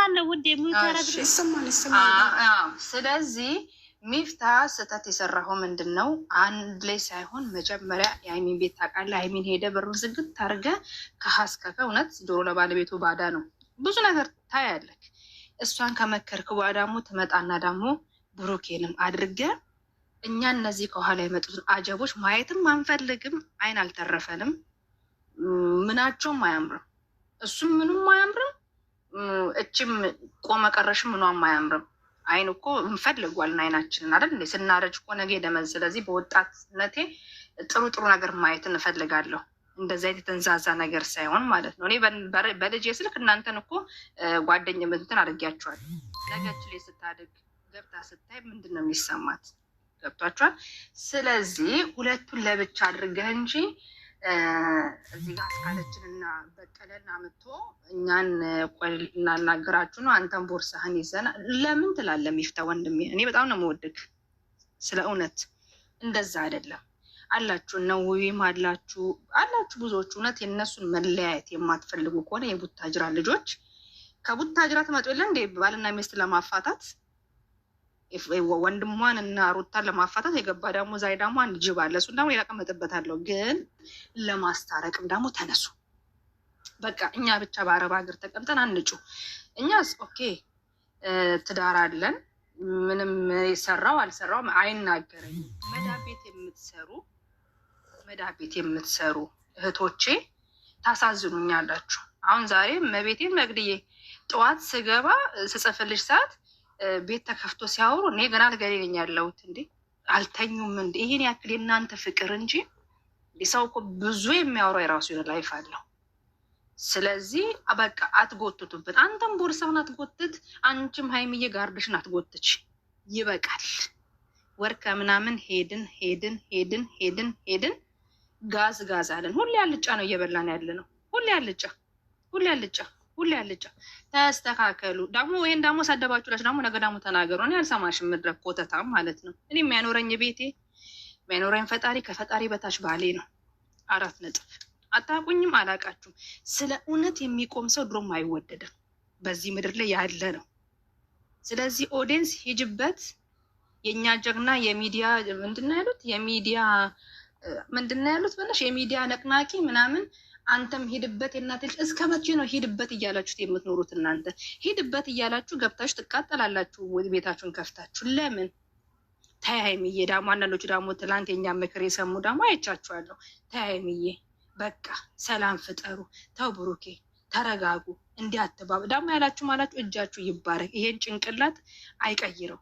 ይሰማል ነው ውዴ። ስለዚህ ሚፍታ ስህተት የሰራሁ ምንድን ነው? አንድ ላይ ሳይሆን መጀመሪያ የአይሚን ቤት ታውቃለህ። አይሚን ሄደ በሩን ዝግት ታርገ ከሀስከፈ እውነት ዶሮ ለባለቤቱ ባዳ ነው። ብዙ ነገር ታያለህ። እሷን ከመከርክ በኋላ ደግሞ ትመጣና ደግሞ ብሩኬንም አድርገ እኛ እነዚህ ከኋላ የመጡትን አጀቦች ማየትም አንፈልግም። አይን አልተረፈንም። ምናቸውም አያምርም። እሱም ምንም አያምርም። እችም ቆመ ቀረሽ ምኗም አያምርም። አይን እኮ እንፈልጓልን አይናችንን አይደል እንዴ? ስናረጅ እኮ ነገ ስለዚህ በወጣትነቴ ጥሩ ጥሩ ነገር ማየት እንፈልጋለሁ። እንደዚ አይነት የተንዛዛ ነገር ሳይሆን ማለት ነው። እኔ በልጅ ስልክ እናንተን እኮ ጓደኛ ምንትን አድርጊያችኋል። ነገች ስታድግ ገብታ ስታይ ምንድን ነው የሚሰማት? ገብቷችኋል። ስለዚህ ሁለቱን ለብቻ አድርገህ እንጂ እዚህ ጋር አስካለችን እና በቀለን አምጥቶ እኛን ቆይ እናናገራችሁ ነው። አንተን ቦርሳህን ይዘና ለምን ትላለህ? ሚፍታ ወንድሜ እኔ በጣም ነው የምወድግ። ስለ እውነት እንደዛ አይደለም አላችሁ እና ውይም አላችሁ አላችሁ ብዙዎች። እውነት የእነሱን መለያየት የማትፈልጉ ከሆነ የቡታጅራ ልጆች ከቡታጅራ ትመጡ የለ እንዴ ባልና ሚስት ለማፋታት ወንድሟን እና ሩታን ለማፋታት የገባ ደግሞ ዛይ ደግሞ አንድ ጅብ አለ። እሱን ደግሞ ይረቀመጥበታለሁ። ግን ለማስታረቅም ደግሞ ተነሱ። በቃ እኛ ብቻ በአረብ ሀገር ተቀምጠን አንጩ። እኛስ ኦኬ ትዳር አለን። ምንም የሰራው አልሰራውም አይናገረኝ። መዳብ ቤት የምትሰሩ መዳብ ቤት የምትሰሩ እህቶቼ ታሳዝኑኛላችሁ። አሁን ዛሬ መቤቴን መግድዬ ጠዋት ስገባ ስጽፍልሽ ሰዓት ቤት ተከፍቶ ሲያወሩ እኔ ገና አልጋ ነኝ ያለሁት። እንዴ አልተኙም እንዴ? ይህን ያክል የእናንተ ፍቅር እንጂ ሰው እኮ ብዙ የሚያወራው የራሱ የሆነ ላይፍ አለው። ስለዚህ በቃ አትጎትቱበት። አንተም ቦርሳውን አትጎትት፣ አንቺም ሀይምዬ ጋርድሽን አትጎትች። ይበቃል። ወር ከምናምን ሄድን ሄድን ሄድን ሄድን ሄድን ጋዝ ጋዝ አለን። ሁሌ አልጫ ነው እየበላን ያለ ነው። ሁሌ አልጫ ሁሌ አልጫ ሁሌ አልጫ ተስተካከሉ። ደግሞ ይሄን ደግሞ ሰደባችሁላችሁ ደግሞ ነገ ደግሞ ተናገሩ። እኔ አልሰማሽም፣ ምድረ ኮተታም ማለት ነው። እኔ የሚያኖረኝ ቤቴ የሚያኖረኝ ፈጣሪ፣ ከፈጣሪ በታች ባሌ ነው። አራት ነጥብ። አታቁኝም፣ አላቃችሁም። ስለ እውነት የሚቆም ሰው ድሮም አይወደድም፣ በዚህ ምድር ላይ ያለ ነው። ስለዚህ ኦዲየንስ ሂጅበት። የእኛ ጀግና የሚዲያ ምንድን ነው ያሉት? የሚዲያ ምንድን ነው ያሉት? በነሽ የሚዲያ ነቅናቂ ምናምን አንተም ሂድበት የእናት ልጅ እስከ መቼ ነው ሂድበት እያላችሁት የምትኖሩት? እናንተ ሂድበት እያላችሁ ገብታችሁ ትቃጠላላችሁ፣ ቤታችሁን ከፍታችሁ። ለምን ተያይምዬ ዳሞ አንዳንዶቹ ዳሞ ትላንት የኛ ምክር የሰሙ ዳሞ አይቻችኋለሁ። ተያይምዬ በቃ ሰላም ፍጠሩ፣ ተው ብሩኬ፣ ተረጋጉ፣ እንዲያትባብ ዳሞ ያላችሁ ማላችሁ እጃችሁ ይባረክ። ይሄን ጭንቅላት አይቀይረው።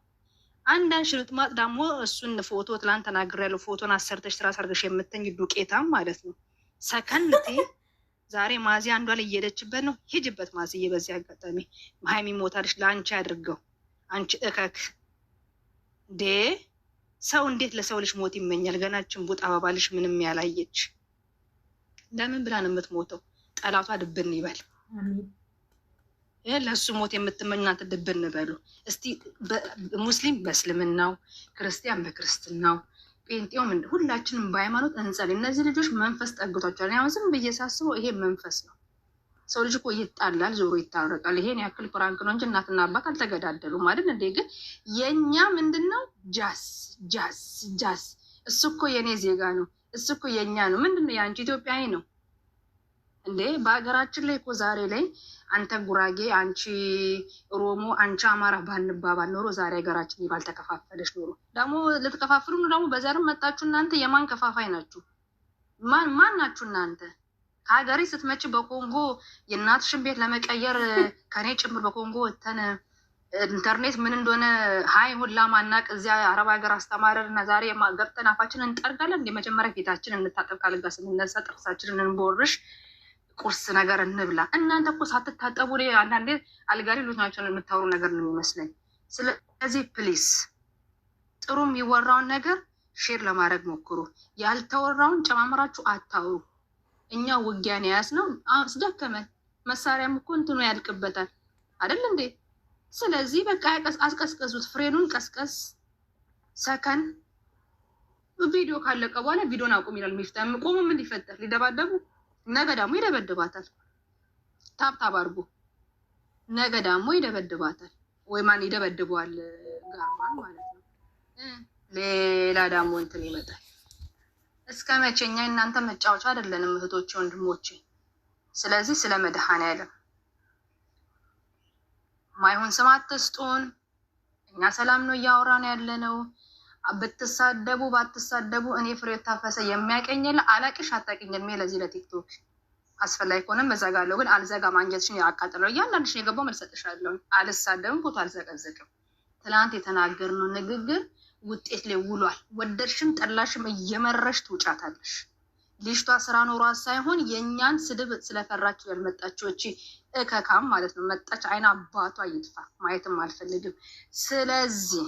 አንዳንድ ሽርጥማጥ ደግሞ እሱን ፎቶ ትላንት ተናግሬያለሁ። ፎቶን አሰርተሽ ስራ ሰርገሽ የምትኝ ዱቄታም ማለት ነው ሰከንቴ ዛሬ ማዚ አንዷ ላይ እየሄደችበት ነው። ሂጅበት ማዝዬ። በዚህ አጋጣሚ ሀይሚ ሞታለች፣ ለአንቺ አድርገው። አንቺ እከክ ዴ ሰው እንዴት ለሰው ልጅ ሞት ይመኛል? ገናችን ቡጥ አባባልሽ ምንም ያላየች ለምን ብላ ነው የምትሞተው? ጠላቷ ድብን ይበል። ለእሱ ሞት የምትመኝ እናንተ ድብን በሉ። እስቲ ሙስሊም በእስልምናው ክርስቲያን በክርስትናው ጴንጤውም ሁላችንም በሃይማኖት እንጸል። እነዚህ ልጆች መንፈስ ጠግቷቸዋል። አሁን ዝም ብዬ ሳስበው ይሄ መንፈስ ነው። ሰው ልጅ እኮ ይጣላል፣ ዞሮ ይታረቃል። ይሄን ያክል ፕራንክ ነው እንጂ እናትና አባት አልተገዳደሉም አይደል እንዴ? ግን የእኛ ምንድን ነው ጃስ ጃስ ጃስ። እሱ እኮ የእኔ ዜጋ ነው፣ እሱ እኮ የእኛ ነው። ምንድን ነው የአንቺ ኢትዮጵያዊ ነው እንዴ በሀገራችን ላይ እኮ ዛሬ ላይ አንተ ጉራጌ፣ አንቺ ኦሮሞ፣ አንቺ አማራ ባንባባል ኖሮ ዛሬ ሀገራችን ባልተከፋፈለች ኖሮ። ደግሞ ልትከፋፍሉ ደግሞ በዘርም መጣችሁ እናንተ። የማን ከፋፋይ ናችሁ? ማን ማን ናችሁ እናንተ? ከሀገሪ ስትመጪ በኮንጎ የእናትሽን ቤት ለመቀየር ከኔ ጭምር በኮንጎ ወተን ኢንተርኔት ምን እንደሆነ ሀይ ሁላ ማናቅ እዚያ አረብ ሀገር አስተማረር እና ዛሬ ገብተን አፋችንን እንጠርጋለን። የመጀመሪያ ፊታችን እንታጠብ፣ ካልጋ ስንነሳ ጥርሳችንን እንቦርሽ ቁርስ ነገር እንብላ። እናንተ እኮ ሳትታጠቡ አንዳንዴ አልጋሪ ላይ የምታወሩ ነገር ነው የሚመስለኝ። ስለዚህ ፕሊስ ጥሩ የሚወራውን ነገር ሼር ለማድረግ ሞክሩ። ያልተወራውን ጨማምራችሁ አታውሩ። እኛ ውጊያን የያዝ ነው አስደከመን። መሳሪያም እኮ እንትኑ ያልቅበታል አይደል እንዴ? ስለዚህ በቃ አስቀስቀዙት፣ ፍሬኑን ቀስቀስ ሰከን። ቪዲዮ ካለቀ በኋላ ቪዲዮን አቁም ይላል ሚፍታ። ቆሙ። ምን ሊፈጠር ሊደባደቡ ነገ ደግሞ ይደበድባታል። ታብታብ አድርጎ ነገ ደግሞ ይደበድባታል። ወይ ማን ይደበድበዋል? ጋርማን ማለት ነው። ሌላ ደግሞ እንትን ይመጣል። እስከ መቼኛ እናንተ መጫወቻ አይደለንም እህቶች ወንድሞቼ። ስለዚህ ስለ መድኃኔዓለም ማይሆን ስም አትስጡን። እኛ ሰላም ነው እያወራን ያለነው። ብትሳደቡ ባትሳደቡ እኔ ፍሬ ታፈሰ የሚያቀኝል አላቅሽ አታቅኝል ሜ ለዚህ ለቲክቶክ አስፈላጊ ከሆነም እዘጋለሁ፣ ግን አልዘጋም። አንጀትሽን ያቃጥለው እያንዳንድሽን የገባው መልስ እሰጥሻለሁ። አልሳደብም፣ ፎቶ አልዘቀዘቅም። ትላንት የተናገርነው ንግግር ውጤት ላይ ውሏል። ወደድሽም ጠላሽም እየመረሽ ትውጫታለሽ። ልጅቷ ስራ ኖሯ ሳይሆን የእኛን ስድብ ስለፈራችሁ ያልመጣችው እቺ እከካም ማለት ነው። መጣች አይና አባቷ ይጥፋ፣ ማየትም አልፈልግም። ስለዚህ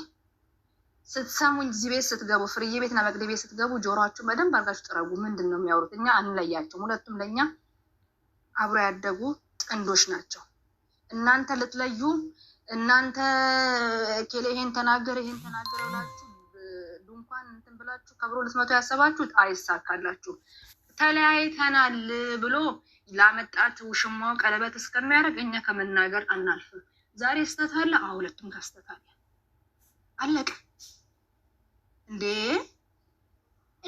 ስትሰሙኝ እዚህ ቤት ስትገቡ ፍርዬ ቤትና መቅደ ቤት ስትገቡ ጆሮችሁን በደንብ አርጋች ጥረጉ። ምንድን ነው የሚያወሩት? እኛ አንለያቸውም። ሁለቱም ለእኛ አብሮ ያደጉ ጥንዶች ናቸው። እናንተ ልትለዩ እናንተ ኬሌ ይሄን ተናገር ይሄን ተናገር ብላችሁ ድንኳን እንትን ብላችሁ ከብሮ ልትመቶ ያሰባችሁት አይሳካላችሁ። ተለያይተናል ብሎ ላመጣችሁ ውሽማው ቀለበት እስከሚያደርግ እኛ ከመናገር አናልፍም። ዛሬ ስተታለ አለ፣ ሁለቱም አለቀ። እንዴ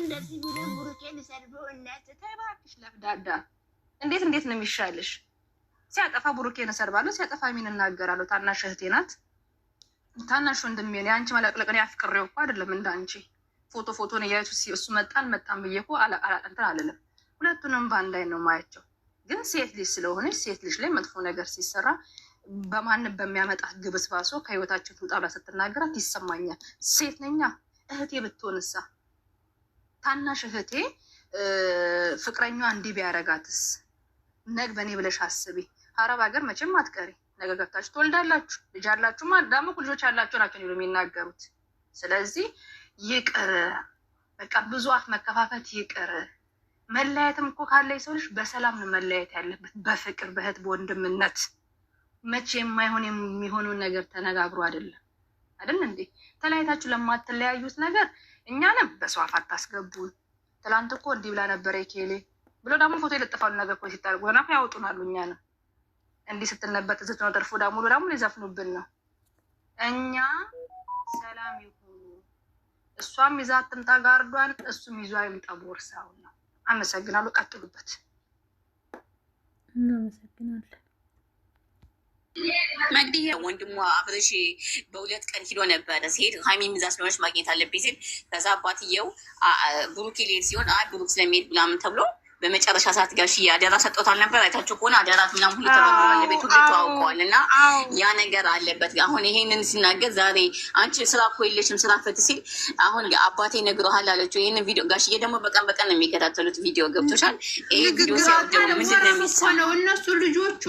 እንደዚህ ቢለን ብሩኬን ሰድበው እናት ተባክሽ ለፍዳዳ እንዴት እንዴት ነው የሚሻልሽ? ሲያጠፋ ቡሩኬን እሰድባለሁ፣ ሲያጠፋ ሚን እናገራለሁ። ታናሽ እህቴ ናት፣ ታናሽ ወንድሜ ነው። የአንቺ መለቅለቅን ያፍቅሬው እኮ አይደለም እንደ አንቺ ፎቶ ፎቶን እያየቱ እሱ መጣን መጣን ብዬ እኮ እንትን አልልም። ሁለቱንም በአንድ ላይ ነው ማያቸው። ግን ሴት ልጅ ስለሆነች ሴት ልጅ ላይ መጥፎ ነገር ሲሰራ በማንም በሚያመጣት ግብስ ባሶ ከህይወታችን ትውጣ ብላ ስትናገራት ይሰማኛል። ሴት ነኛ እህቴ ብትሆንሳ ታናሽ እህቴ ፍቅረኛ እንዲህ ቢያረጋትስ? ነግ በእኔ ብለሽ አስቢ። አረብ ሀገር መቼም አትቀሪ። ነገ ገብታችሁ ትወልዳላችሁ፣ ልጅ አላችሁ፣ ደግሞ ልጆች አላችሁ ናቸው የሚናገሩት። ስለዚህ ይቅር በቃ ብዙ አፍ መከፋፈት ይቅር። መለያየትም እኮ ካለ የሰው ልጅ በሰላም ነው መለያየት ያለበት፣ በፍቅር በእህት በወንድምነት። መቼ የማይሆን የሚሆነውን ነገር ተነጋግሮ አይደለም አይደል እንዴ? ተለያይታችሁ ለማትለያዩት ነገር እኛንም በሰዋፍ አታስገቡን። ትላንት እኮ እንዲህ ብላ ነበረ ኬሌ ብሎ ደግሞ ፎቶ የለጥፋሉ ነገር እኮ ሲታርጉ ሆና ያወጡናሉ። እኛንም እንዲህ ስትል ነበር ትዝት ነው ደርፎ ደግሞ ብሎ ደግሞ ሊዘፍኑብን ነው። እኛ ሰላም ይሁኑ። እሷም ይዛ አትምጣ ጋርዷን፣ እሱም ይዞ አይምጣ ቦርሳውን ነው። አመሰግናሉ። ቀጥሉበት። እናመሰግናለን። መግዲህ ወንድሟ አብረሽ በሁለት ቀን ሂዶ ነበረ። ሲሄድ ሀይሚ ምዛ ስለሆነች ማግኘት አለብኝ ሲል ከዛ አባትየው ብሩክ ሌድ ሲሆን ብሩክ ስለሚሄድ ብላምን ተብሎ በመጨረሻ ሰዓት ጋሽዬ አደራ ሰጥቶታል ነበር። አይታችሁ ከሆነ አደራት ምናም ሁሉ ተበግረዋል፣ ቤቱ ቤቱ አውቀዋል እና ያ ነገር አለበት። አሁን ይሄንን ሲናገር ዛሬ አንቺ ስራ እኮ የለሽም ስራ ፈት ሲል አሁን አባቴ ነግረሃል አለችው። ይህንን ቪዲዮ ጋሽዬ ደግሞ በቀን በቀን ነው የሚከታተሉት ቪዲዮ ገብቶሻል። ይህ እነሱ ልጆቹ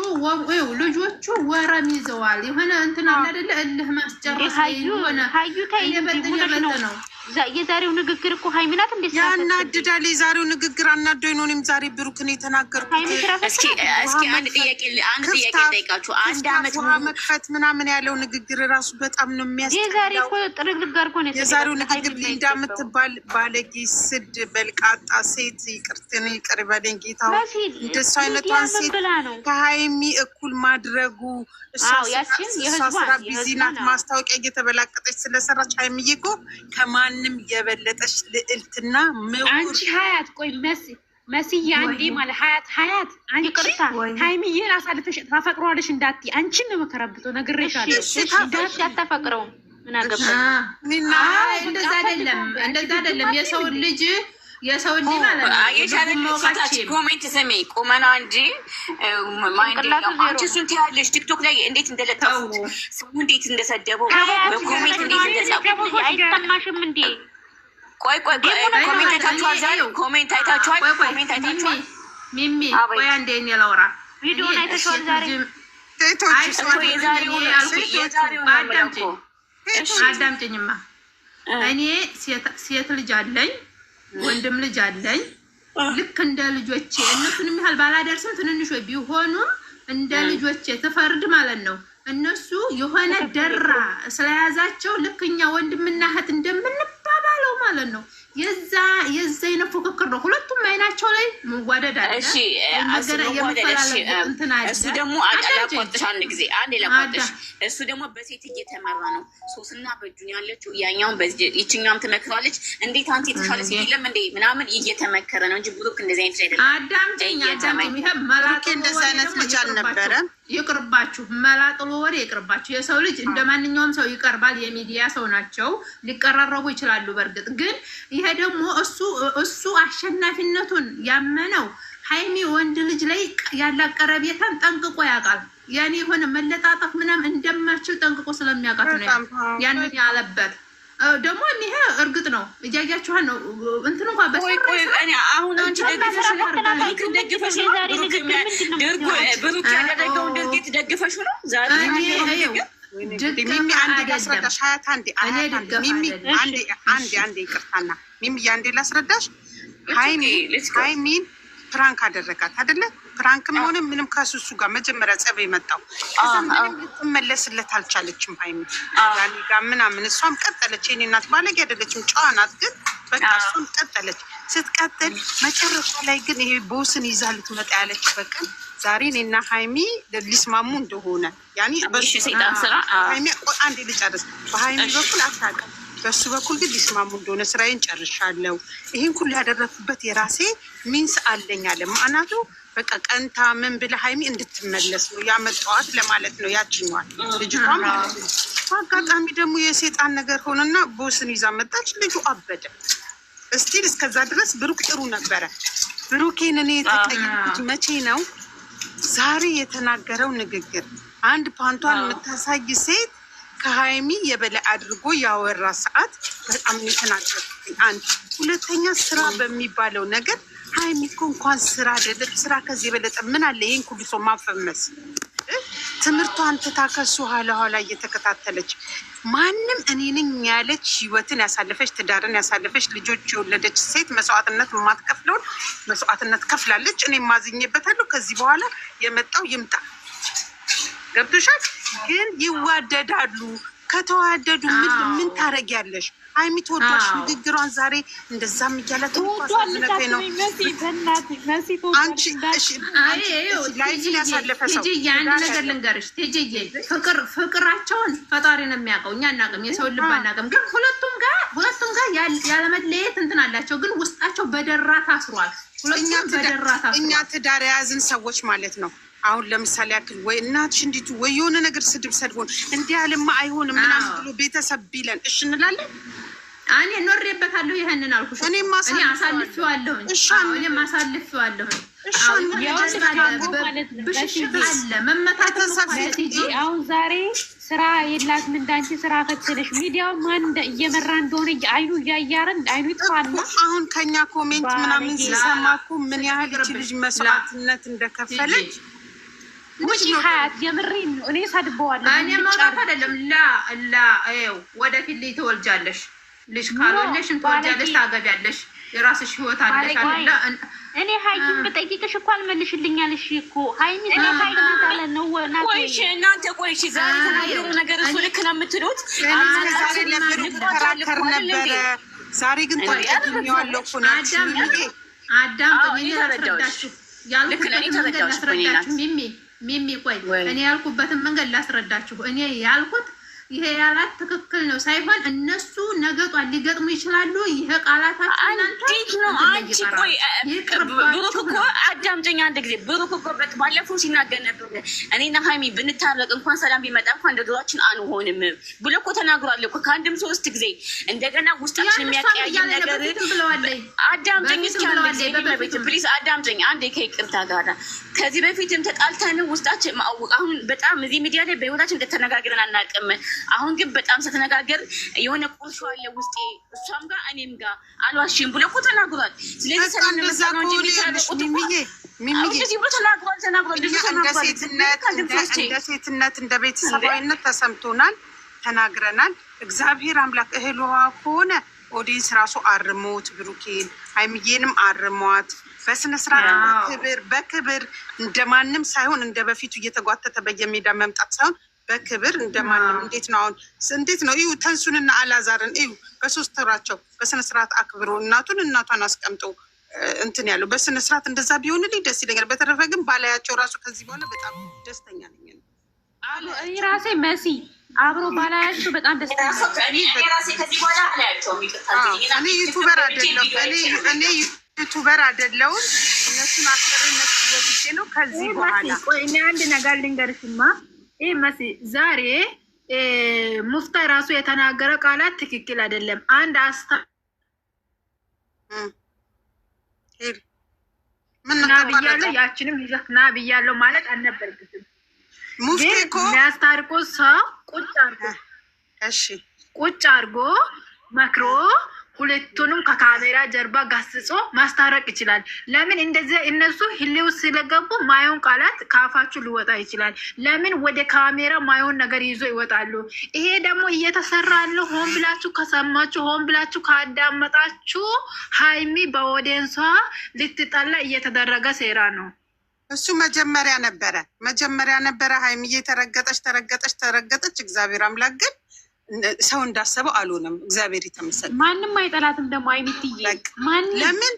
ልጆቹ ወረም ይዘዋል። የሆነ እንትን አለ አይደለ እልህ ማስጨረስ ሆነ ነው የዛሬው ንግግር እኮ ሀይሚናት ናት እንዴ? ያናድዳል። የዛሬው ንግግር አናዶኝ ነው። እኔም ዛሬ ብሩክን የተናገርኩት እስኪ እስኪ አንድ ጥያቄ አንድ ጥያቄ ጠይቃችሁ አንድ አመት ውሃ መክፈት ምናምን ያለው ንግግር ራሱ በጣም ነው የሚያስጠላው። የዛሬው ንግግር ሊንዳ የምትባል ባለጌ ስድ በልቃጣ ሴት ይቅርትን ይቅር በለኝ ጌታ፣ እንደሱ አይነቷን ሴት ከሀይሚ እኩል ማድረጉ እሷ ስራ ቢዚ ናት። ማስታወቂያ እየተበላቀጠች ስለሰራች ሀይሚዬ እኮ ከማን ከማንም የበለጠች ልዕልትና አንቺ ሀያት ቆይ መስ መስዬ አንዴ ማለት ሀያት ሀያት አንቺ ሀይሚዬን አሳልፈሽ ታፈቅረዋለሽ እንዳትዪ አንቺን ነው መከራብቶ ነግሬሻለሁ። አታፈቅረውም ምን አገባኝ። እንደዛ አይደለም እንደዛ አይደለም የሰውን ልጅ የሰው እንጂ ማለት ኮሜንት ስሜ ቁመና እንጂ አንቺ እሱን ትያለሽ። ቲክቶክ ላይ እንዴት እንደለጠፉት ስሙ እንዴት እንደሰደበው በኮሜንት እንዴት አይሰማሽም እንዴ? ቆይ ቆይ ኮሜንት አይታችኋል? ዛሬ ኮሜንት አይታችኋል? ኮሜንት አይታችኋል? ሚሚ ቆይ አንዴ እኔ ላውራ። ቪዲዮን አይተሽዋል? ዛሬ እኔ ሴት ልጅ አለኝ ወንድም ልጅ አለኝ። ልክ እንደ ልጆቼ እነሱንም ያህል ባላደርስም ትንንሾ ቢሆኑም እንደ ልጆቼ ትፈርድ ማለት ነው። እነሱ የሆነ ደራ ስለያዛቸው ልክ እኛ ወንድምና እህት እንደምን ማለት ነው። የዛ የዛ አይነት ፉክክር ነው። ሁለቱም አይናቸው ላይ መዋደድ አለ። እሺ እሱ ደግሞ ላቆጥሽ አንድ ጊዜ አንድ ላቆጥሽ። እሱ ደግሞ በሴት እየተመራ ነው። ሶስና በእጁን ያለችው ያኛውን ይችኛም ትመክራለች። እንዴት አንተ የተሻለ ሴት የለም እንዴ ምናምን እየተመከረ ነው እንጂ ብሩክ እንደዚህ አይነት አይደለም። አዳምጪኝ፣ አዳምጪኝ። ይሄ እንደዚህ አይነት ልጅ አልነበረም። ይቅርባችሁ፣ መላጥሎ ወሬ ይቅርባችሁ። የሰው ልጅ እንደ ማንኛውም ሰው ይቀርባል። የሚዲያ ሰው ናቸው፣ ሊቀራረቡ ይችላሉ በእርግጥ ግን ይሄ ደግሞ እሱ እሱ አሸናፊነቱን ያመነው ሀይሚ ወንድ ልጅ ላይ ያላት ቀረቤታን ጠንቅቆ ያውቃል። ያኔ የሆነ መለጣጠፍ ምናምን እንደማችል ጠንቅቆ ስለሚያውቃት ነው ያንን ያለበት። ደግሞ ይሄ እርግጥ ነው እያያችኋል ነው እንትን እንኳ በአሁን ደግፈሽ ነው ደግፈሽ ነው ሚሚ አንዴ ላስረዳሽ፣ ሀያት አንዴ ሚሚ አንዴ አንዴ አንዴ ይቅርታና ሚሚ አንዴ ላስረዳሽ። ሀይሚን ፕራንክ አደረጋት አይደለ? ፕራንክም ሆነ ምንም ከሱሱ ጋር መጀመሪያ ጸብ የመጣው ልትመለስለት አልቻለችም። ሀይሚ ያኔ ጋር ምናምን እሷም ቀጠለች። የኔ እናት ባለጌ አይደለችም፣ ጨዋ ናት። ግን በቃ እሷም ቀጠለች። ስትቀጥል መጨረሻ ላይ ግን ይሄ ቦስን ይዛ ልትመጣ ያለችበት ቀን ዛሬ እኔና ሀይሚ ሊስማሙ እንደሆነ አንድ ልጨርስ። በሀይሚ በኩል አታውቅም፣ በሱ በኩል ግን ሊስማሙ እንደሆነ ስራዬን ጨርሻለሁ፣ ይህን ሁሉ ያደረኩበት የራሴ ሚንስ አለኝ አለ። ማዕናቱ በቃ ቀንታ ምን ብለ ሀይሚ እንድትመለስ ነው ያመጣዋት ለማለት ነው። ያችኛዋል ልጅቷም አጋጣሚ ደግሞ የሴጣን ነገር ሆነና ቦስን ይዛ መጣች። ልጁ አበደ። እስቲል እስከዛ ድረስ ብሩክ ጥሩ ነበረ። ብሩኬን እኔ የተቀየኩት መቼ ነው? ዛሬ የተናገረው ንግግር አንድ ፓንቷን የምታሳይ ሴት ከሀይሚ የበላይ አድርጎ ያወራ ሰዓት በጣም የተናገር አንድ ሁለተኛ ስራ በሚባለው ነገር ሀይሚ እኮ እንኳን ስራ አይደለም ስራ ከዚህ የበለጠ ምን አለ? ይህን ሁሉ ሰው ማፈመስ ትምህርቷን ትታ ከሱ ኋላ ኋላ እየተከታተለች ማንም እኔ ነኝ ያለች ህይወትን ያሳለፈች ትዳርን ያሳለፈች ልጆች የወለደች ሴት መስዋዕትነት የማትከፍለውን መስዋዕትነት ከፍላለች። እኔ ማዝኝበታለሁ። ከዚህ በኋላ የመጣው ይምጣ። ገብቶሻል? ግን ይዋደዳሉ። ከተዋደዱ ምን ምን ታደርጊያለሽ? ሀይሚ ንግግሯን ዛሬ እንደዛም ነው። ነገር ልንገርሽ ቴጅዬ፣ ፍቅር ፍቅራቸውን ፈጣሪ ነው የሚያውቀው፣ እኛ አናውቅም፣ የሰው ልብ አናውቅም። ግን ሁለቱም ጋር ሁለቱም ጋር ያለመለየት እንትን አላቸው፣ ግን ውስጣቸው በደራ ታስሯል። በደራ ታስሯል። እኛ ትዳር የያዝን ሰዎች ማለት ነው አሁን ለምሳሌ ያክል ወይ እናትሽ እንዲቱ ወይ የሆነ ነገር ስድብ ሰድቦን እንዲህ አለማ አይሆንም ምናምን ብሎ ቤተሰብ ቢለን እሽ እንላለን። እኔ ኖሬበታለሁ። ይህንን አልኩሽ። እኔ አሳልፌዋለሁኝ። እኔም አሳልፌዋለሁኝ። አሁን ዛሬ ስራ የላትም እንዳንቺ ስራ ፈትለሽ ሚዲያው ማን እየመራ እንደሆነ አይኑ እያያረን አይኑ ይጥፋል። አሁን ከኛ ኮሜንት ምናምን ሲሰማ እኮ ምን ያህል ልጅ መስዋዕትነት እንደከፈለች ውጪ ሀያት የምሬን ነው። እኔ ሰድበዋለሁ። እኔ ማውራት አይደለም። ላ ላ ይኸው ወደፊት ልጅ ትወልጃለሽ። ልጅ ካልወለሽም ትወልጃለሽ፣ ታገቢያለሽ። የራስሽ ህይወት አለሽ። እኔ ሀይም ብጠይቅሽ እኮ አልመልሽልኛልሽ እኮ ሀይሚ ናታለ ነው ናቆይሽ እናንተ ቆይሽ ዛሬ ተናገሩ ነገር እሱ ልክ ነው የምትሉት ነበር ነበረ። ዛሬ ግን ታቀኛዋለሁ ናዳም አዳም ያልኩ ተረዳችሁ ሚሚ ሚሚ ቆይ እኔ ያልኩበትን መንገድ ላስረዳችሁ። እኔ ያልኩት ይሄ ያላት ትክክል ነው ሳይሆን እነሱ ነገጧ ሊገጥሙ ይችላሉ። ይሄ ቃላታችሁ ነው? አንቺ ቆይ ብሩክ እኮ አዳምጨኛ አንድ ጊዜ ብሩክ እኮ ባለፈው ሲናገር ነበር። እኔና ሀይሚ ብንታረቅ እንኳን ሰላም ቢመጣ እንኳን እንደ አንሆንም ብሎ እኮ ተናግሯል እኮ ከአንድም ሶስት ጊዜ። እንደገና ውስጣችን የሚያቀያይም ነገር አዳምጨኝ ቻለቤት ፕሊዝ አዳምጨኝ አንዴ ከይቅርታ ጋር ከዚህ በፊትም ተጣልተን ውስጣችን ማወቅ አሁን በጣም እዚህ ሚዲያ ላይ በህይወታችን እንደተነጋግረን አናውቅም። አሁን ግን በጣም ስትነጋገር የሆነ ቁርሾ አለ ውስጤ እሷም ጋር እኔም ጋር አልዋሽም ብሎ እኮ ተናግሯል። ስለዚህ እንደ ሴትነት እንደ ቤተሰባዊነት ተሰምቶናል፣ ተናግረናል። እግዚአብሔር አምላክ እህልዋ ከሆነ ኦዲንስ ራሱ አርሞት ብሩኬን አይምዬንም አርሟት በስነስርዓት ክብር በክብር እንደማንም ሳይሆን እንደ በፊቱ እየተጓተተ በየሜዳ መምጣት ሳይሆን በክብር እንደማንም እንዴት ነው አሁን እንዴት ነው ይሁ ተንሱንና አላዛርን ይሁ በሶስት ራቸው በስነስርዓት አክብሮ እናቱን እናቷን አስቀምጦ እንትን ያለው በስነስርዓት እንደዛ ቢሆንልኝ ደስ ይለኛል። በተረፈ ግን ባላያቸው ራሱ ከዚህ በኋላ በጣም ደስተኛ ነኝ። እኔ ራሴ መሲ አብሮ ባላያቸው በጣም ደስተኛ እኔ ዩቱበር አይደለም እኔ ዩቱበር አይደለሁም። እነሱን አስፈሪ ነሱ ነው ከዚህ በኋላ ቆይ እኔ አንድ ነገር ልንገርሽማ ይህ መሲ ዛሬ ሙፍታ ራሱ የተናገረ ቃላት ትክክል አይደለም። አንድ አስታ ና ያችንም ና ብያለሁ ማለት አልነበርግትም። ግን የሚያስታርቆ ሰው ቁጭ አርጎ ቁጭ አርጎ መክሮ ሁለቱንም ከካሜራ ጀርባ ጋስጾ ማስታረቅ ይችላል። ለምን እንደዚህ እነሱ ህሊው ስለገቡ ማየውን ቃላት ከአፋችሁ ሊወጣ ይችላል። ለምን ወደ ካሜራ ማየውን ነገር ይዞ ይወጣሉ? ይሄ ደግሞ እየተሰራ ያለው ሆን ብላችሁ ከሰማችሁ፣ ሆን ብላችሁ ካዳመጣችሁ ሀይሚ በወደንሷ ልትጠላ እየተደረገ ሴራ ነው። እሱ መጀመሪያ ነበረ መጀመሪያ ነበረ ሀይሚዬ ተረገጠች ተረገጠች ተረገጠች። እግዚአብሔር አምላክ ግን ሰው እንዳሰበው አልሆነም። እግዚአብሔር የተመሰለ ማንም አይጠላትም። ደግሞ አይሚትዬ ለምን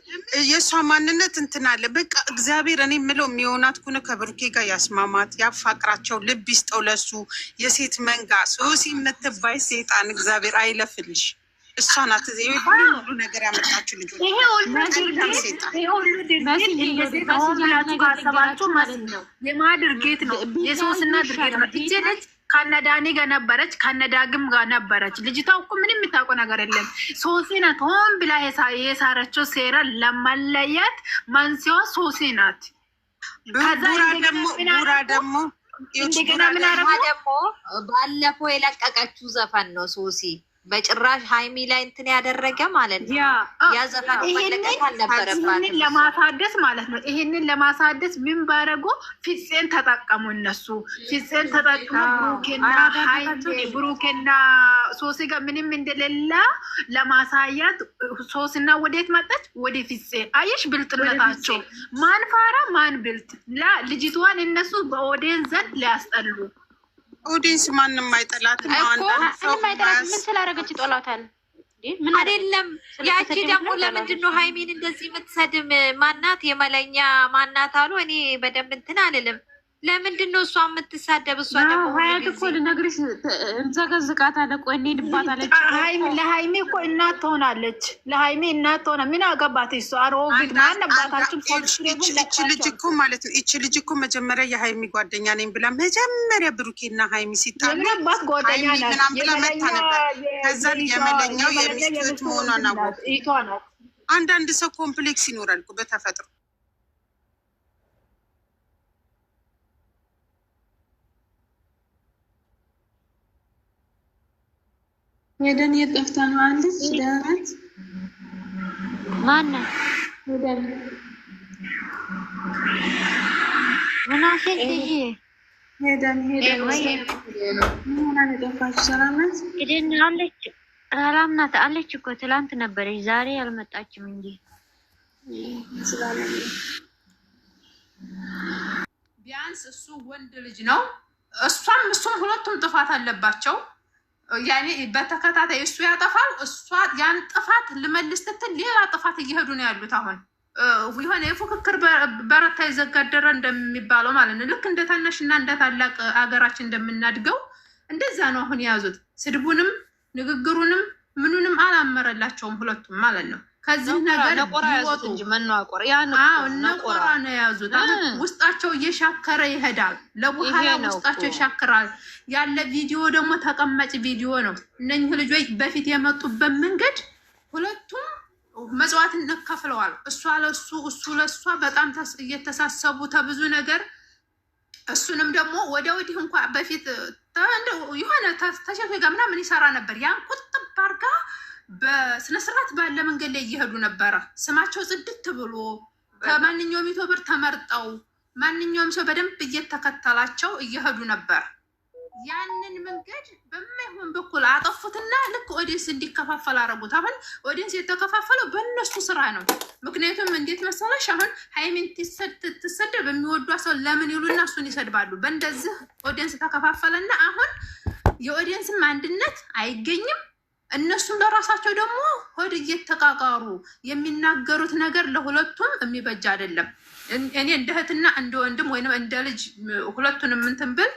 የእሷ ማንነት እንትን አለ። በቃ እግዚአብሔር እኔ የምለው የሚሆናት ኩነ ከብሩኬ ጋር ያስማማት፣ ያፋቅራቸው፣ ልብ ይስጠው ለሱ የሴት መንጋ ሶሲ የምትባይ ሴጣን እግዚአብሔር አይለፍልሽ። እሷ ናት ሁሉ ነገር ያመጣችሁ ልጆች። ይሄ ሁሉ ድርጌት ነው የማ ድርጌት ነው የሶስና ድርጌት ነው። ከነዳኒ ጋር ነበረች፣ ከነዳግም ጋር ነበረች። ልጅቷ እኮ ምንም የምታውቀው ነገር የለም። ሶሲ ናት ሆን ብላ የሳረችው ሴራ ለመለየት መንስኤዋ ሶሲ ናት። ደግሞ ባለፈው የለቀቀችው ዘፈን ነው ሶሲ በጭራሽ ሀይሚ ላይ እንትን ያደረገ ማለት ነው። ያ ዘፈን መለቀቅ አልነበረባትም ለማሳደስ ማለት ነው። ይሄንን ለማሳደስ ምን ባረጎ ፊፄን ተጠቀሙ እነሱ ፊፄን ተጠቅሙ። ብሩኬና ሀይ ብሩኬና ሶሲ ጋር ምንም እንደሌላ ለማሳያት ሶስና ወዴት መጣች? ወደ ፊፄ አየሽ፣ ብልጥነታቸው ማን ፋራ ማን ብልጥ ልጅቷን እነሱ በኦዴን ዘንድ ሊያስጠሉ ኦዲንስ ማንም አይጠላትም። ማንም አይጠላትም። ምን ስላደረገች ይጠላታል? ምን አይደለም። ያቺ ደግሞ ለምንድን ነው ሀይሚን እንደዚህ የምትሰድም? ማናት የመለኛ ማናት አሉ። እኔ በደንብ እንትን አልልም ለምንድን ነው እሷ የምትሳደብ? እሷ ደግሞ ሀያት እኮ ልነግርሽ እንዘገዝቃት እንዘገዝቃታለሁ። ቆይ እንሄድባታለች። ለሀይሜ እኮ እናት ትሆናለች። ለሀይሜ እናት ትሆና ምን አገባት? እሷ አሮጊት ማነባታችሁ ልጅ እኮ ማለት ነው። እች ልጅ እኮ መጀመሪያ የሀይሜ ጓደኛ ነኝ ብላ መጀመሪያ ብሩኬና ሀይሜ ሲጣሉ ጓደኛ ናት ብላ መታ ነበር። ከዛ የመለኛው የሚስት መሆኗን አወቁ። አንዳንድ ሰው ኮምፕሌክስ ይኖራል በተፈጥሮ ሄደን የጠፍታ ነው አለች። ደህና ናት። ሄደን ሄደን አለች እኮ ትላንት ነበረች። ዛሬ አልመጣችም እንጂ ቢያንስ እሱ ወንድ ልጅ ነው። እሷም እሱም ሁለቱም ጥፋት አለባቸው። ያኔ በተከታታይ እሱ ያጠፋል፣ እሷ ያን ጥፋት ልመልስ ስትል ሌላ ጥፋት እየሄዱ ነው ያሉት። አሁን የሆነ የፉክክር በረታ የዘጋደረ እንደሚባለው ማለት ነው። ልክ እንደ ታናሽ እና እንደ ታላቅ አገራችን እንደምናድገው እንደዛ ነው አሁን የያዙት። ስድቡንም ንግግሩንም ምኑንም አላመረላቸውም ሁለቱም ማለት ነው። ከዚህ ነገር ይወጡ እንጂ መናቆር ነቆራ ነው የያዙት። ውስጣቸው እየሻከረ ይሄዳል። ለቡሃላ ውስጣቸው ይሻክራል። ያለ ቪዲዮ ደግሞ ተቀማጭ ቪዲዮ ነው። እነኝህ ልጆች በፊት የመጡበት መንገድ ሁለቱም መጽዋትን ከፍለዋል። እሷ ለሱ እሱ ለእሷ በጣም እየተሳሰቡ ተብዙ ነገር እሱንም ደግሞ ወደ ወዲህ እንኳ በፊት የሆነ ተሸፊ ጋር ምናምን ይሰራ ነበር ያን ቁጥብ አድርጋ በስነስርዓት ባለ መንገድ ላይ እየሄዱ ነበረ። ስማቸው ጽድት ብሎ ከማንኛውም ኢትዮብር ተመርጠው ማንኛውም ሰው በደንብ እየተከተላቸው እየሄዱ ነበር። ያንን መንገድ በማይሆን በኩል አጠፉትና ልክ ኦዲንስ እንዲከፋፈል አረጉት። አሁን ኦዲንስ የተከፋፈለው በእነሱ ስራ ነው። ምክንያቱም እንዴት መሰለሽ አሁን ሀይሚን ትሰደብ በሚወዷ ሰው ለምን ይሉና እሱን ይሰድባሉ። በእንደዚህ ኦዲንስ ተከፋፈለና አሁን የኦዲንስም አንድነት አይገኝም። እነሱም በራሳቸው ደግሞ ሆድ እየተቃቃሩ የሚናገሩት ነገር ለሁለቱም የሚበጅ አይደለም። እኔ እንደ እህትና እንደ ወንድም ወይም እንደ ልጅ ሁለቱንም እንትን ብል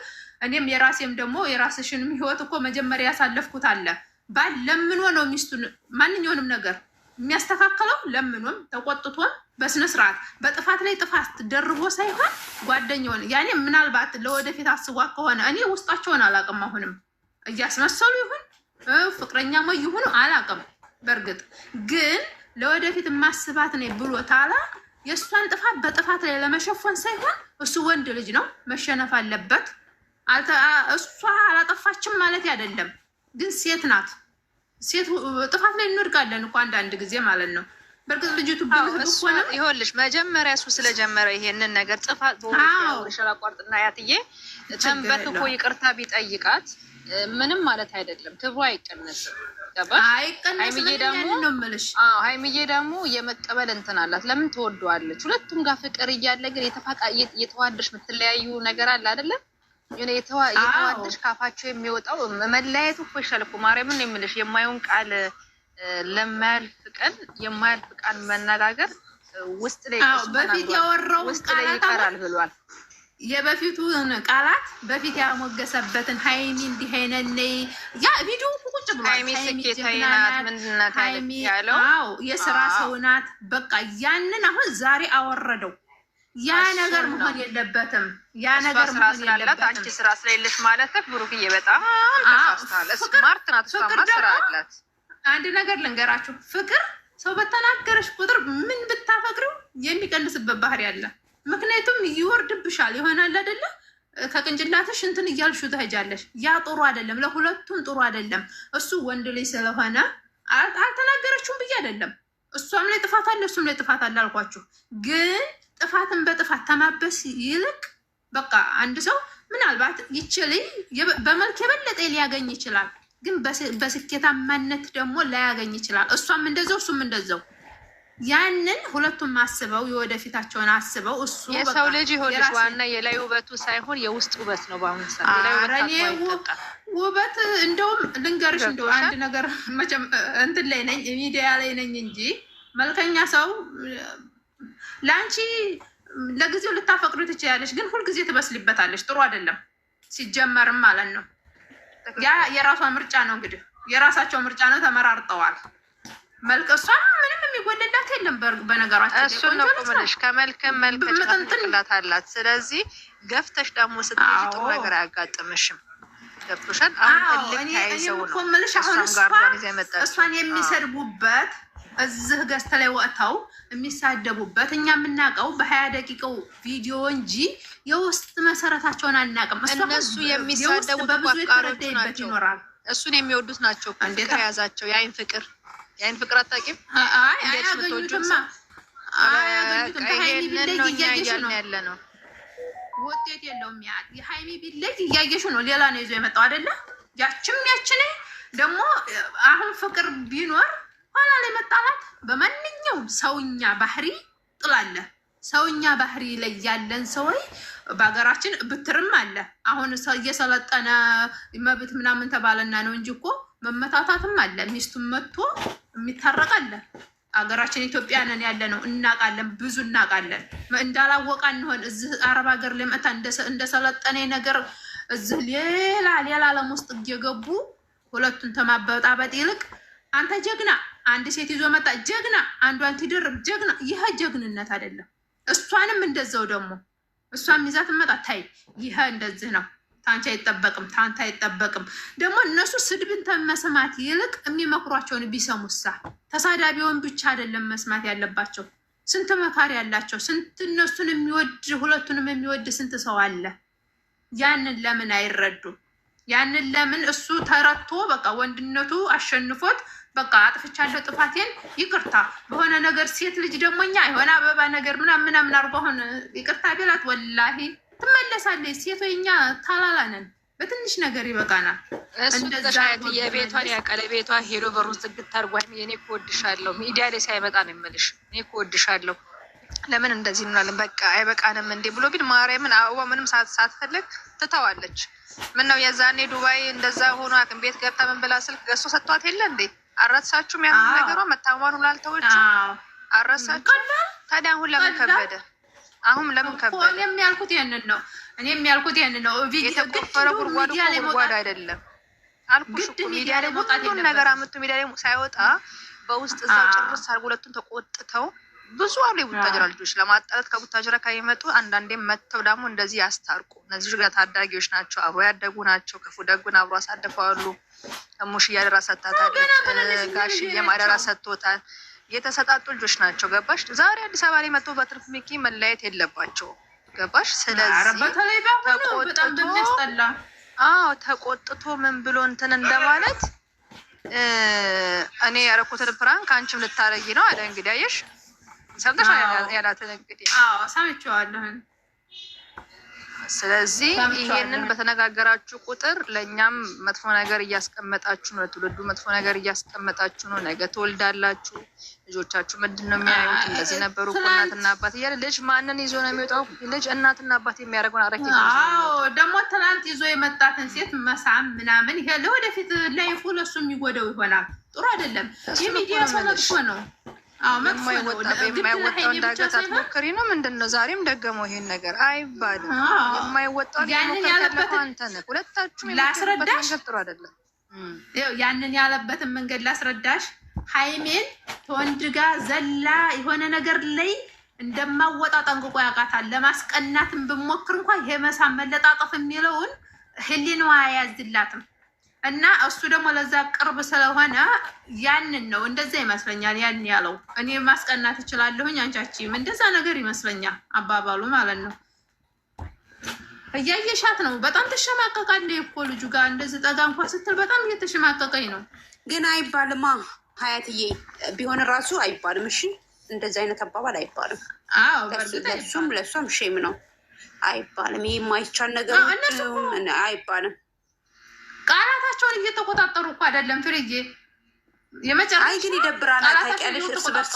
እኔም የራሴም ደግሞ የራስሽንም ህይወት እኮ መጀመሪያ ያሳለፍኩት አለ። ባል ለምኖ ነው ሚስቱን ማንኛውንም ነገር የሚያስተካክለው ለምኖም ተቆጥቶም በስነስርዓት በጥፋት ላይ ጥፋት ደርቦ ሳይሆን ጓደኛውን ያኔ ምናልባት ለወደፊት አስቧት ከሆነ እኔ ውስጣቸውን አላውቅም። አሁንም እያስመሰሉ ይሁን ፍቅረኛ ሞ ይሁኑ አላውቅም። በእርግጥ ግን ለወደፊት ማስባት ነው ብሎ ታላ የእሷን ጥፋት በጥፋት ላይ ለመሸፈን ሳይሆን እሱ ወንድ ልጅ ነው፣ መሸነፍ አለበት። እሷ አላጠፋችም ማለት አይደለም፣ ግን ሴት ናት። ሴት ጥፋት ላይ እንወድቃለን እኮ አንዳንድ ጊዜ ማለት ነው። በእርግጥ ልጅቱ ብሆነም ይኸውልሽ መጀመሪያ እሱ ስለጀመረ ይሄንን ነገር ጥፋት ሻላቋርጥና ያትዬ ተንበት እኮ ይቅርታ ቢጠይቃት ምንም ማለት አይደለም። ክብሩ አይቀነስም። ሀይሚዬ ደግሞ የመቀበል እንትን አላት። ለምን ትወደዋለች? ሁለቱም ጋር ፍቅር እያለ ግን የተዋደሽ የምትለያዩ ነገር አለ አይደለም? የተዋደሽ ካፋቸው የሚወጣው መለያየቱ እኮ ይሻል እኮ ማርያምን የምልሽ የማየውን ቃል ለማያልፍ ቀን የማያልፍ ቃል መነጋገር ውስጥ ላይ በፊት ያወራው ቃላት ይቀራል ብሏል። የበፊቱ ቃላት በፊት ያሞገሰበትን ሀይሚ እንዲህ አይነት ያ ቪዲዮ ቁጭ ብሏል። የስራ ሰው ናት በቃ ያንን አሁን ዛሬ አወረደው። ያ ነገር መሆን የለበትም። ያ ነገር መሆን የለበትም። አንቺ ስራ ስለሌለሽ ማለት ብሩክዬ፣ በጣም ተሳስተሃል። አንድ ነገር ልንገራችሁ፣ ፍቅር ሰው በተናገረች ቁጥር ምን ብታፈቅሪው የሚቀንስበት ባህሪ አለ። ምክንያቱም ይወርድብሻል ይሆናል አይደለ? ከቅንጭላትሽ እንትን እያልሹ ትሄጃለሽ። ያ ጥሩ አይደለም፣ ለሁለቱም ጥሩ አይደለም። እሱ ወንድ ልጅ ስለሆነ አልተናገረችውም ብዬ አይደለም። እሷም ላይ ጥፋት አለ፣ እሱም ላይ ጥፋት አለ አልኳችሁ። ግን ጥፋትን በጥፋት ተማበስ ይልቅ በቃ አንድ ሰው ምናልባት ይችል በመልክ የበለጠ ሊያገኝ ይችላል፣ ግን በስኬታማነት ደግሞ ላያገኝ ይችላል። እሷም እንደዛው እሱም እንደዛው ያንን ሁለቱም አስበው የወደፊታቸውን አስበው እሱ የሰው ልጅ ይሆንሽ ዋና የላይ ውበቱ ሳይሆን የውስጥ ውበት ነው። በአሁኑ ሰዓት ውበት እንደውም ልንገርሽ፣ እንደ አንድ ነገር እንትን ላይ ነኝ ሚዲያ ላይ ነኝ እንጂ መልከኛ ሰው ለአንቺ ለጊዜው ልታፈቅዱ ትችላለች፣ ግን ሁልጊዜ ትበስሊበታለች። ጥሩ አይደለም ሲጀመርም ማለት ነው። ያ የራሷ ምርጫ ነው እንግዲህ የራሳቸው ምርጫ ነው። ተመራርጠዋል። መልቀሷ ምንም የሚጎልላት የለም። በነገራችን እሱን ነው እኮ ከመልክም መልክ ጭላት አላት። ስለዚህ ገፍተሽ ደግሞ ስትሄጂ ጥሩ ነገር አያጋጥምሽም። ገብቶሻል። አሁን ልክ እሷን የሚሰድቡበት እዚህ ገዝተ ላይ ወጥተው የሚሳደቡበት እኛ የምናውቀው በሀያ ደቂቃው ቪዲዮ እንጂ የውስጥ መሰረታቸውን አናውቅም። እነሱ የሚሳደቡት የተረዳይበት ይኖራል። እሱን የሚወዱት ናቸው። ፍቅር የያዛቸው የአይን ፍቅር የአይን ፍቅር አታውቂም? ያለ ነው ውጤት የለውም። ያህል የሀይሚ ቢለይ እያየሽ ነው። ሌላ ነው ይዞ የመጣው አይደለ? ያችም ያችን ደግሞ አሁን ፍቅር ቢኖር ኋላ ላይ መጣላት በማንኛውም ሰውኛ ባህሪ ጥላለ ሰውኛ ባህሪ ላይ ያለን ሰው በሀገራችን ብትርም አለ። አሁን እየሰለጠነ መብት ምናምን ተባለና ነው እንጂ እኮ መመታታትም አለ። ሚስቱን መጥቶ የሚታረቃለን አገራችን ኢትዮጵያ ነን ያለ ነው። እናቃለን፣ ብዙ እናቃለን። እንዳላወቃ እንሆን እዚህ አረብ ሀገር ልመታ እንደሰለጠኔ ነገር እዚህ ሌላ ሌላ አለም ውስጥ እየገቡ ሁለቱን ተማበጣበጥ ይልቅ አንተ ጀግና፣ አንድ ሴት ይዞ መጣ ጀግና፣ አንዷን ትድርብ ጀግና። ይህ ጀግንነት አይደለም። እሷንም እንደዛው ደግሞ እሷም ይዛት መጣ ታይ። ይህ እንደዚህ ነው። ታንቺ አይጠበቅም፣ ታንተ አይጠበቅም። ደግሞ እነሱ ስድብን ከመስማት ይልቅ የሚመክሯቸውን ቢሰሙሳ ተሳዳቢውን ብቻ አይደለም መስማት ያለባቸው። ስንት መካሪ ያላቸው፣ ስንት እነሱን የሚወድ ሁለቱንም የሚወድ ስንት ሰው አለ። ያንን ለምን አይረዱም? ያንን ለምን እሱ ተረቶ በቃ ወንድነቱ አሸንፎት በቃ አጥፍቻለሁ፣ ጥፋቴን ይቅርታ። በሆነ ነገር ሴት ልጅ ደግሞ እኛ የሆነ አበባ ነገር ምናምን ምናምን አድርጎ አሁን ይቅርታ ቢላት ወላሂ ትመለሳለች። ሴቶ የኛ ታላላ ነን፣ በትንሽ ነገር ይበቃናል። እሱሻየት የቤቷን ያቀለ ቤቷ ሄዶ በሩን ዝግት አድርጓ እኔ እኮ ወድሻለሁ፣ ሚዲያ ላይ ሳይመጣ ነው የምልሽ፣ እኔ እኮ ወድሻለሁ። ለምን እንደዚህ እንላለን? በቃ አይበቃንም እንዴ ብሎ ግን ማርያምን አበባ ምንም ሳትፈልግ ትተዋለች። ምን ነው የዛኔ ዱባይ እንደዛ ሆኖ አቅም ቤት ገብታ ምን ብላ ስልክ ገሶ ሰጥቷት የለ እንዴ? አረሳችሁም? ያ ነገሯ መታመሟን ላልተወች አረሳችሁ ታዲያ አሁን ለምን ከበደ? አሁን ለምን ከበደ? እኔም ያልኩት ይሄንን ነው። እኔ የሚያልኩት ይሄንን ነው። የተቆፈረ ጉድጓድ እኮ ጉድጓድ አይደለም አልኩሽ ሚዲያ ላይ መውጣት የለም። ነገር አመጡ ሚዲያ ላይ ሳይወጣ በውስጥ እዛው ጭርስ አድርጎ ሁለቱን ተቆጥተው ብዙ አሉ። የቡታጅራ ልጆች ለማጣላት ከቡታጅራ ከሚመጡ አንዳንዴም መጥተው ደግሞ እንደዚህ ያስታርቁ። እነዚህ ጋር ታዳጊዎች ናቸው፣ አብሮ ያደጉ ናቸው። ክፉ ደጉን አብሮ አሳደፈዋሉ። እሙሽዬ አደራ ሰጥታታለች፣ ጋሽዬም አደራ ሰጥቶታል። የተሰጣጡ ልጆች ናቸው። ገባሽ? ዛሬ አዲስ አበባ ላይ መጥቶ በትርፍ ሚኪ መለያየት የለባቸው። ገባሽ? ስለዚህ ተቆጥቶ ምን ብሎ እንትን እንደማለት እኔ ያረኩትን ፕራንክ አንቺም ልታረጊ ነው አለ። እንግዲህ አየሽ፣ ሰምተሽ ያላትን እንግዲህ ሰምቼዋለሁ። ስለዚህ ይሄንን በተነጋገራችሁ ቁጥር ለእኛም መጥፎ ነገር እያስቀመጣችሁ ነው፣ ለትውልዱ መጥፎ ነገር እያስቀመጣችሁ ነው። ነገ ትወልዳላችሁ፣ ልጆቻችሁ ምንድን ነው የሚያዩት? እንደዚህ ነበሩ እናትና አባት እያለ ልጅ ማንን ይዞ ነው የሚወጣው? ልጅ እናትና አባት የሚያደርገውን አረኪ ደግሞ ትናንት ይዞ የመጣትን ሴት መሳም ምናምን፣ ይሄ ለወደፊት ላይፉ ለሱ የሚጎደው ይሆናል። ጥሩ አይደለም። የሚዲያ ሰው መጥፎ ነው። የማይወጣው እንዳገት አትሞክሪ ነው። ምንድን ነው ዛሬም ደገመው ይሄን ነገር አይባልም። የማይወጣው አንተነህ ሁለታችሁ ላስረዳሽ ጥሩ አይደለም። ያንን ያለበትን መንገድ ላስረዳሽ። ሀይሜን ተወንድ ጋ ዘላ የሆነ ነገር ላይ እንደማወጣ ጠንቅቆ ያውቃታል። ለማስቀናትም ብሞክር እንኳ ይሄ መሳ መለጣጠፍ የሚለውን ህሊናዋ አያዝላትም። እና እሱ ደግሞ ለዛ ቅርብ ስለሆነ ያንን ነው እንደዛ ይመስለኛል። ያን ያለው እኔ ማስቀናት እችላለሁኝ አንቻችም እንደዛ ነገር ይመስለኛል አባባሉ ማለት ነው። እያየሻት ነው። በጣም ተሸማቀቃለ እኮ ልጁ ጋር እንደዚህ ጠጋ እንኳ ስትል በጣም እየተሸማቀቀኝ ነው። ግን አይባልማ ሀያትዬ ቢሆን ራሱ አይባልም። እሺ እንደዚህ አይነት አባባል አይባልም። ለሱም ለሷም ሼም ነው አይባልም። ይህ የማይቻል ነገር አይባልም። ቃላታቸውን እየተቆጣጠሩ እኮ አይደለም ፍርዬ። አይ ግን ይደብራል። ታውቂያለሽ፣ እርስ በርስ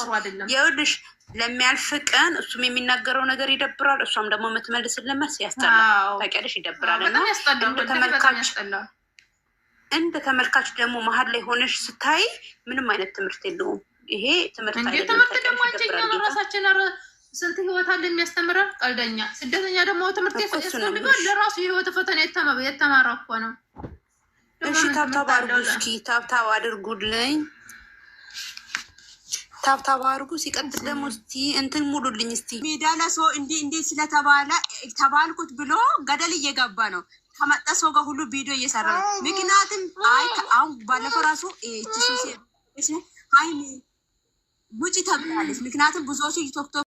ይኸውልሽ፣ ለሚያልፍ ቀን እሱም የሚናገረው ነገር ይደብራል፣ እሷም ደግሞ የምትመልስልን መልስ ያስጠላል። ታውቂያለሽ፣ ይደብራል እና ተመልካች እንደ ተመልካች ደግሞ መሀል ላይ ሆነሽ ስታይ ምንም አይነት ትምህርት የለውም። ይሄ ትምህርት ትምህርት ደግሞ አንቸኛ ነው። ራሳችን ስንት ህይወት አለ የሚያስተምረን ቀልደኛ። ስደተኛ ደግሞ ትምህርት ያስፈልጋል። ለራሱ የህይወት ፈተና የተማረ እኮ ነው። እሺ ታብታብ አድርጉ። እስኪ ታብታብ አድርጉልኝ። ታብታብ አድርጉ። ሲቀጥል ደግሞ እስቲ እንትን ሙሉልኝ። እስቲ ሜዳ ለሰው እንዲ እንዲ ስለተባለ ተባልኩት ብሎ ገደል እየገባ ነው። ከመጣ ሰው ጋር ሁሉ ቪዲዮ እየሰራ ነው። ምክንያቱም አይ አሁን ባለፈው ራሱ ሀይ ውጭ ተብላለች። ምክንያቱም ብዙዎች ቶክቶ